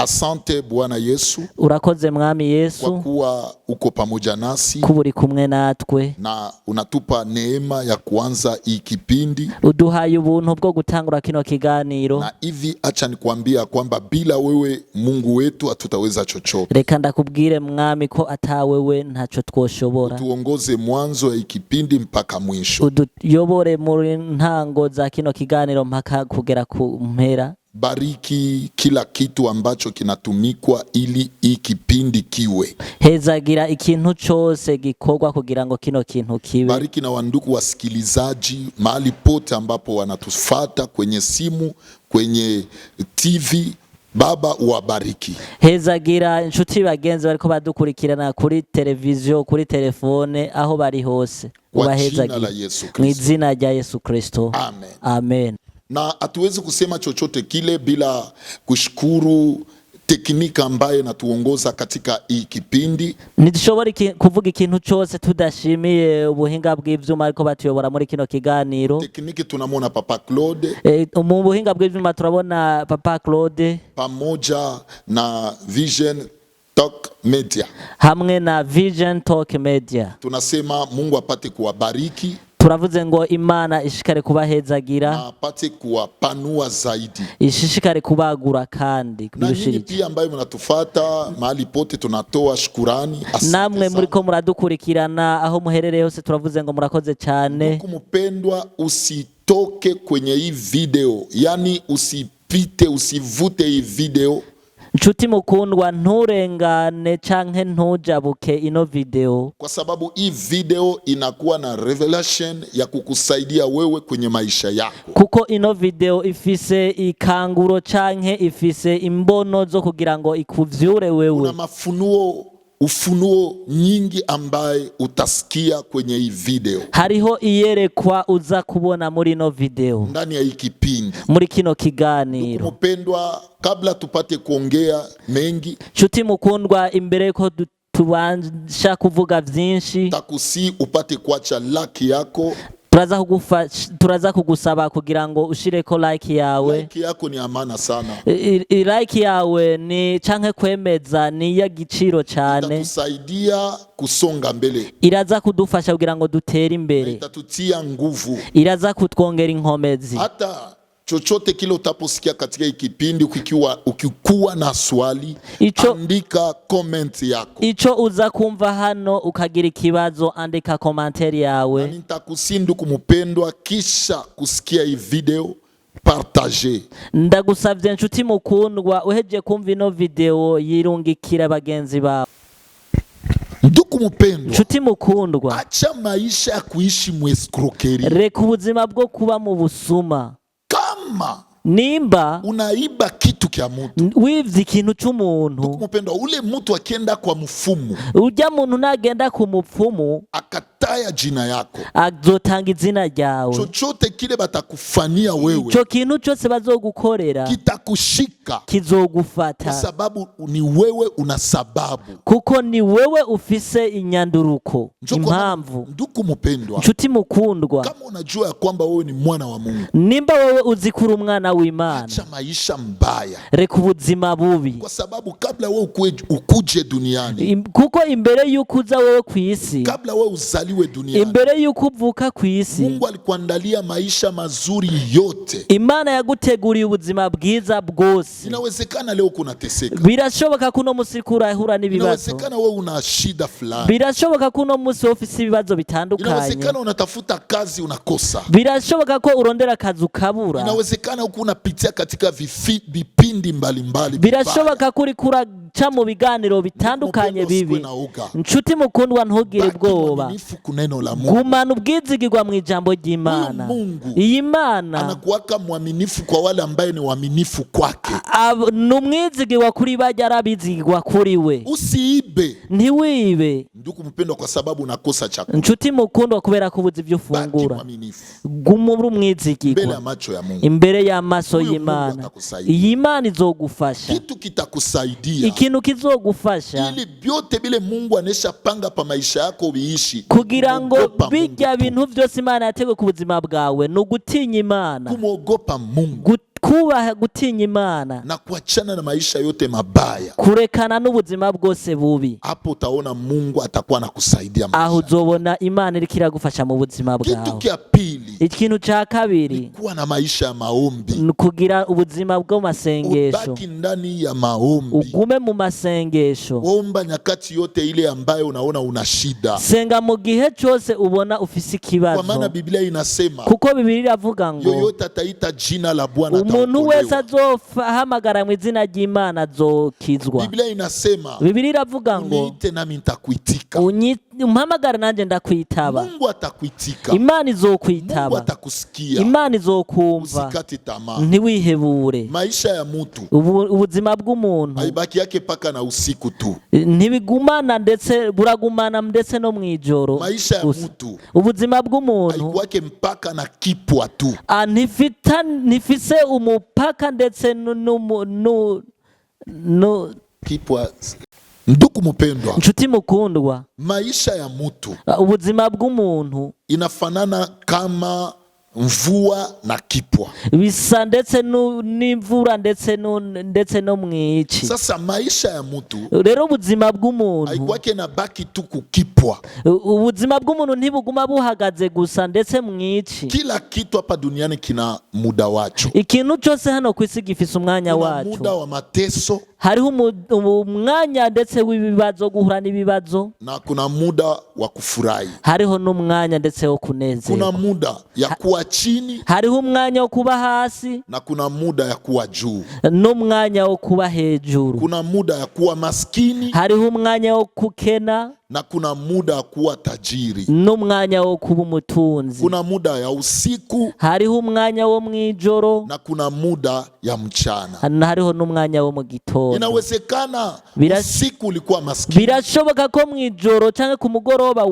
Asante Bwana Yesu, urakoze Mwami Yesu, kwa kuwa uko pamoja nasi, Kuburi kumwe natwe, na unatupa neema ya kuanza hii kipindi, uduhaye ubuntu bwo gutangura kino kiganiro. Na hivi acha nikwambia kwamba bila wewe Mungu wetu hatutaweza chochote. Reka ndakubwire Mwami ko ata wewe ntacho twoshobora. Tuongoze mwanzo ya ikipindi mpaka mwisho, uduyobore muri ntango za kino kiganiro mpaka kugera ku mpera bariki kila kitu ambacho kinatumikwa ili ikipindi kiwe hezagira ikintu chose gikorwa kugira ngo kino kintu kiwe. Bariki na wanduku wasikilizaji mahali pote ambapo wanatufata kwenye simu, kwenye TV Baba uwabariki. Hezagira nshuti bagenzi bariko badukurikirana kuri televiziyo, kuri telefone aho bari hose, ubaheza mu izina rya Yesu Kristo. Amen. Amen na hatuwezi kusema chochote kile bila kushukuru teknika ambayo inatuongoza katika hii kipindi. Ntidushobora kuvuga ikintu cyose tudashimiye ubuhinga bw'ivyuma ariko batuyobora muri kino kiganiro. Tekniki tunamona Papa Claude. E, mu buhinga bw'ivyuma turabona Papa Claude pamoja na Vision Talk Media. Hamwe na Vision Talk Media. Tunasema Mungu apate kuwabariki turavuze ngo imana ishikare kubahezagira apate kuwapanua zaidi, ishishikare kubagura kandi na nyinyi pia ambayo mnatufata mahali pote, tunatoa shukurani namwe muriko muradukurikirana aho muherereye hose, turavuze ngo murakoze cyane. Kumupendwa, usitoke kwenye hii video, yani usipite, usivute hii video. Nshuti mukundwa nturengane canke ntujabuke ino video, kwa sababu hii video inakuwa na revelation ya kukusaidia wewe kwenye maisha yako, kuko ino video ifise ikanguro canke ifise imbono zo kugira ngo ikuvyure wewe, una mafunuo ufunuo nyingi ambaye utasikia kwenye hii video. Hariho iyerekwa uza kubona muri no video ndani ya hii kipindi muri kino kiganiro. Mpendwa, kabla tupate kuongea mengi, shuti mukundwa, imbere ko tubansha kuvuga vyinshi, takusi upate kuacha laki yako turaza turaza kugusaba kugira ngo ushire ko like yawe like yako ni amana sana I, I, like yawe ni canke kwemeza ni ya giciro cyane itatusaidia kusonga mbele iraza kudufasha kugira ngo dutere imbere itatutia nguvu iraza kutwongera inkomezi hata chochote kile utaposikia katika kipindi, ukikiwa ukikuwa na swali icho, andika comment yako ico uza kumva hano ukagira ikibazo andika komanteri yawe, na nitakusinduka mupendwa, kisha kusikia hii video partage. Ndagusavye nshuti mukundwa, uheje kumva ino video yirungikira bagenzi bawe. Nduku mupendwa, nshuti mukundwa, acha maisha ya kuishi mweskrokeri, reka ubuzima bwo kuba mu busuma kama nimba unaiba kitu kya mutu wivye ikintu cy'umuntu mupendwa ule mutu akienda kwa mufumu ujya muntu nagenda ku mupfumu ataya jina yako, azotanga izina ryawe. Chochote kile batakufanyia wewe, ico kintu cose bazogukorera kitakushika, kizogufata, kwa sababu ni wewe una sababu, kuko ni wewe ufise inyanduruko, impamvu. nduku mupendwa, nshuti mukundwa, kama unajua ya kwamba wewe ni mwana wa Mungu, nimba wewe uzikuru umwana w'Imana, acha maisha mbaya, reka ubuzima bubi, kwa sababu kabla wewe ukuje duniani, kuko imbere yuko uza wewe kwisi, kabla wewe uzali uzaliwe duniani. Imbere yuko uvuka ku isi, Mungu alikuandalia maisha mazuri yote. Imana yaguteguriye ubuzima bwiza bwose. Inawezekana leo kuna teseka. Birashoboka kuno musi kurahura n'ibibazo. Inawezekana wewe una shida fulani. Birashoboka kuno musi ofisi ibibazo bitandukanye. Inawezekana unatafuta kazi unakosa. Birashoboka ko urondera kazi ukabura. Inawezekana uko unapitia katika vipindi mbalimbali. Birashoboka kuri kura baca mu biganiro bitandukanye bibi nshuti mukundwa ntugire ubwoba gumana ubwizigirwa mu ijambo ry'Imana iyi Mana anakuwaka mwaminifu kwa wale ambaye ni waaminifu kwake ni umwizigirwa kuri bajya arabizigirwa kuri we usiibe ntiwibe ndugu mpendwa kwa sababu unakosa chakula nshuti mukundwa kubera ko ubuze ibyo ufungura guma uri umwizigirwa imbere y'amaso y'Imana iyi Mana izogufasha kitu kitakusaidia ikintu kizogufasha ili byote bile Mungu aneshapanga pa maisha yako biishi kugira ngo bijya bintu byose Imana yatege ku buzima bwawe ni ugutinya Imana kumwogopa Mungu kubaha gutinya imana na kuachana na maisha yote mabaya, kurekana n'ubuzima bwose bubi. Hapo utaona Mungu atakuwa anakusaidia aho uzobona Imana iriko iragufasha mu buzima bwawe. Kitu pili, ikintu cha kabiri, kuwa na maisha ya maombi, kugira ubuzima bwo masengesho, ubaki ndani ya maombi, ugume mu masengesho, omba nyakati yote ile ambayo unaona una shida, senga mu gihe cyose ubona ufise ikibazo, kwa maana Biblia inasema, kuko bibilia iravuga ngo yoyote ataita jina la Bwana umuntu wese azohamagara mu izina ry'Imana azokizwa. Biblia inasema, Biblia iravuga ngo unyite nami nitakuitika. Unyite umpamagara nanjye ndakwitaba Mungu atakuitika Imana izokwitaba Mungu atakusikia Imana izokumva usikate tamaa ntiwihebure maisha ya mtu ubuzima bw'umuntu haibaki yake paka na usiku tu ntibigumana ndetse buragumana ndetse no ijoro maisha ya mtu ubuzima bw'umuntu haikuwake mpaka na kipwa tu ntifita ntifise umupaka ndetse nu, nu, nu, kipwa nduku mupendwa, nshuti mukundwa, maisha ya mutu, uh, ubuzima bw'umuntu inafanana kama mvua na kipwa bisa ndetse n'imvura ndetse ndetse no mwici Sasa maisha ya mtu rero ubuzima bw'umuntu haikwake na baki tu kukipwa, ubuzima bw'umuntu ntibuguma buhagaze gusa ndetse mwiki. Kila kitu hapa duniani kina muda wacu ikintu cyose hano ku isi gifise umwanya wacu Muda wa mateso hariho umwanya ndetse w'ibibazo, guhura n'ibibazo, na kuna muda wa kufurahi, hariho n'umwanya ndetse wo kunezerwa, kuna muda ya kuwa kuwa chini, hariho umwanya wo kuba hasi, na kuna muda ya kuwa juu, n'umwanya wo kuba hejuru. Kuna muda ya kuwa maskini, hariho umwanya wo kukena na kuna muda wa kuba tajiri n'umwanya wo kuba umutunzi kuna muda ya usiku hariho umwanya wo mwijoro na kuna muda ya mchana na hariho n'umwanya wo mu gitondo inawezekana usiku ulikuwa maskini birashoboka ko mwijoro cyangwa ku mugoroba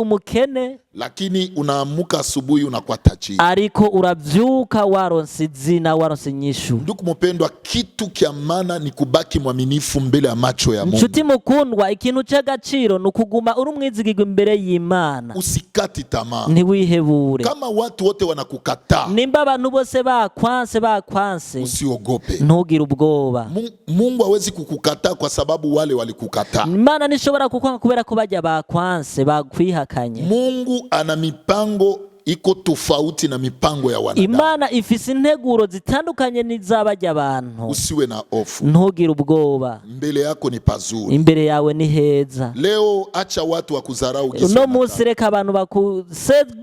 umukene lakini unaamuka asubuhi unakuwa tajiri ariko uravyuka waronse izina waronse nyishu ndugu mupendwa kitu kya maana ni kubaki mwaminifu mbele ya macho ya Mungu nshuti mukundwa ikintu cy'agaciro ni ukuguma uri umwizigirwa imbere y'Imana. Usikati tamaa, ntiwihebure. Kama watu wote wanakukata nimba abantu bose bakwanse bakwanse, usiogope, ntugire ubwoba. Mungu awezi kukukata kwa sababu wale walikukata Imana nishobora kukwanga kubera ko bajya bakwanse bakwihakanye. Mungu ana mipango iko tofauti na mipango ya wanadamu. Imana ifise integuro zitandukanye n'izabajya abantu. Usiwe na ofu. ntugire ubwoba, mbele yako ni pazuri, imbere yawe ni heza. Leo acha watu wakudharau, uno munsi reka abantu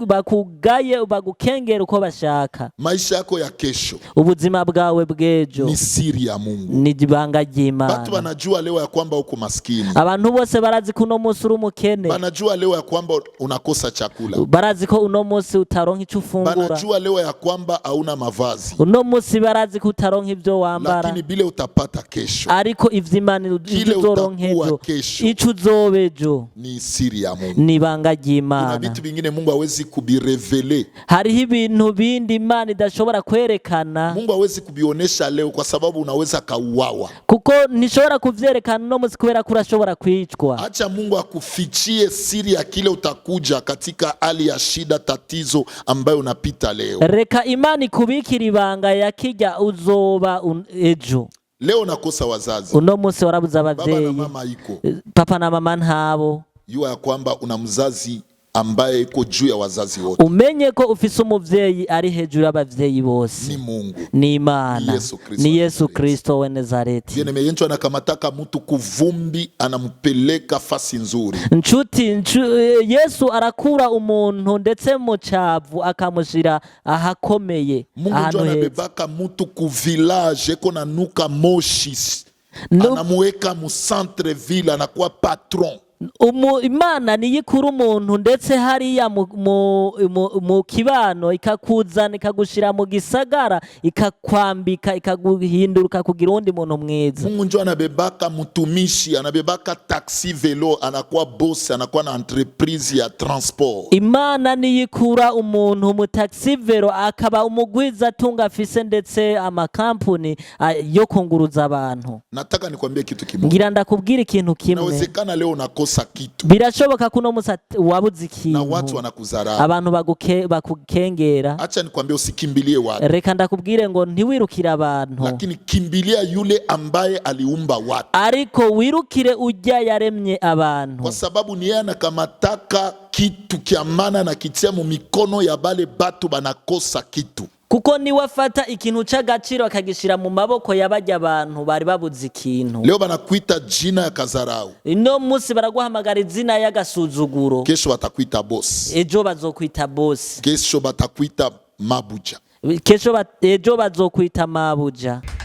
bakugaye bagukengera uko bashaka. Maisha yako ya kesho, ubuzima bwawe bw'ejo ni siri ya Mungu, ni jibanga ry'Imana. Watu wanajua leo ya kwamba uko maskini, abantu bose barazi ko uno munsi uri umukene, banajua leo ya kwamba unakosa chakula, barazi ko uno munsi munsi utaronka ico ufungura. Banajua leo ya kwamba hauna mavazi. Uno munsi barazi ko utaronka ivyo wambara. Lakini bile utapata kesho. Ariko ivyo Imana uzoronka ejo. Ico uzobejo Ni siri ya Mungu. Ni banga ry'Imana. Kuna vitu Mungu awezi kubirevele. Hariho ibintu bindi Imana idashobora kwerekana. Mungu awezi kubionesha leo kwa sababu unaweza kauawa. Kuko nishobora kuvyerekana no munsi kubera ko urashobora kwicwa. Acha Mungu akufichie siri ya kile utakuja katika hali ya shida tatizo matatizo ambayo unapita leo. Reka imani kubikira ibanga ya kijya uzoba ejo. Leo nakosa wazazi, uno munsi warabuze abavyeyi, baba na mama iko, papa na mama ntabo. Yua ya kwamba una mzazi ambaye iko juu ya wazazi wote. Umenye ko ufise umuvyeyi ari hejuru y'abavyeyi bose. Ni Mungu. Ni Imana. Ni Yesu Kristo wa Nazareti. Yeye mwenye anakamataka mtu kuvumbi anampeleka fasi nzuri. nchuti nchu, eh, Yesu arakura umuntu ndetse mu chavu akamushira ahakomeye. Mungu bebaka mtu ku village ko nanuka moshi. Anamuweka mu centre ville anakuwa patron imana niyo umuntu ndetse hariya mu kibano ikakuzana ikagushira mu gisagara ikakwambika ikaguhinduruka kugira uwundi muntu mwiza mtu anabebaka mtumishi anabebaka taxi velo anakuwa bosi anakuwa na entreprise ya transport imana niyo umuntu mu taxi velo akaba umugwiza atunga afise ndetse amakampuni yo kunguruza abantu nataka nikwambie kitu kimwe ngira ndakubwira ikintu kimwe nawezekana leo umekosa kitu. Birashoboka kuno musa wabuze ikintu. Na watu wanakudharau. Abantu bakukengera. Acha nikwambie usikimbilie watu. Reka ndakubwire ngo ntiwirukire abantu. Lakini kimbilia yule ambaye aliumba watu. Ariko wirukire ujya yaremye abantu. Kwa sababu ni yeye anakamataka kitu kiamana maana na kitia mu mikono ya bale batu banakosa kitu. kuko niwafata afata ikintu cy'agaciro akagishyira mu maboko y'abajya abantu bari babuze ikintu leo banakwita jina ya kazarau ino munsi baraguhamagara izina y'agasuzuguro kesho batakwita bosi ejo bazokwita bosi kesho batakwita mabuja kesho ejo bazokwita mabuja